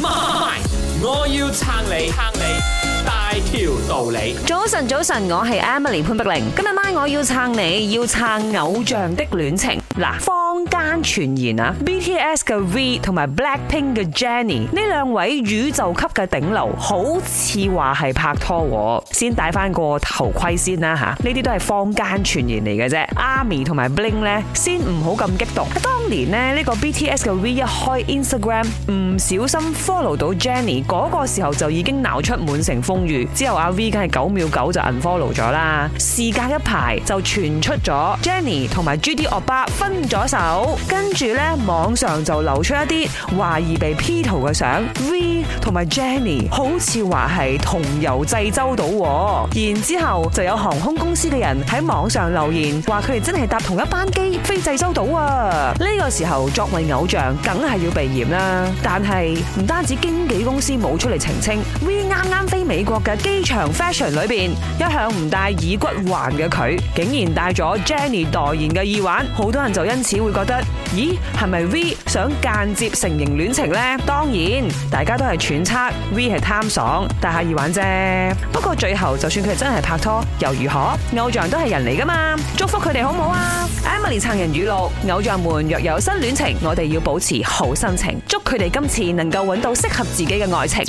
My，我要撐你，撐你大條道理。早晨，早晨，我係 Emily 潘碧玲。今日 My 我要撐你，要撐偶像的戀情嗱。坊間傳言啊，BTS 嘅 V 同埋 Blackpink 嘅 j e n n y 呢兩位宇宙級嘅頂流，好似話係拍拖，先戴翻個頭盔先啦吓。這些是呢啲都係坊間傳言嚟嘅啫。阿咪同埋 bling 咧，先唔好咁激動。當年呢，呢、這個 BTS 嘅 V 一開 Instagram，唔小心 follow 到 j e n n y 嗰個時候就已經鬧出滿城風雨。之後阿 V 梗係九秒九就 unfollow 咗啦。時間一排就傳出咗 j e n n y 同埋 GD 奧巴分咗手。跟住呢，網上就流出一啲懷疑被 P 圖嘅相，V 同埋 Jenny 好似話係同游濟州島。然之後就有航空公司嘅人喺網上留言，話佢哋真係搭同一班機飛濟州島啊！呢個時候作為偶像，梗係要避嫌啦。但係唔單止經紀公司冇出嚟澄清，V 啱啱飛美國嘅機場 fashion 裏邊一向唔戴耳骨環嘅佢，竟然戴咗 Jenny 代言嘅耳環，好多人就因此會。覺得咦，係咪 V 想間接承認戀情呢？當然，大家都係揣測，V 係貪爽帶下耳環啫。不過最後，就算佢真係拍拖，又如何？偶像都係人嚟噶嘛，祝福佢哋好唔好啊？Emily 撐人語錄，偶像們若有新戀情，我哋要保持好心情，祝佢哋今次能夠搵到適合自己嘅愛情。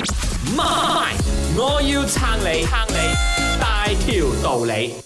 媽，我要撐你，撐你，大條道理。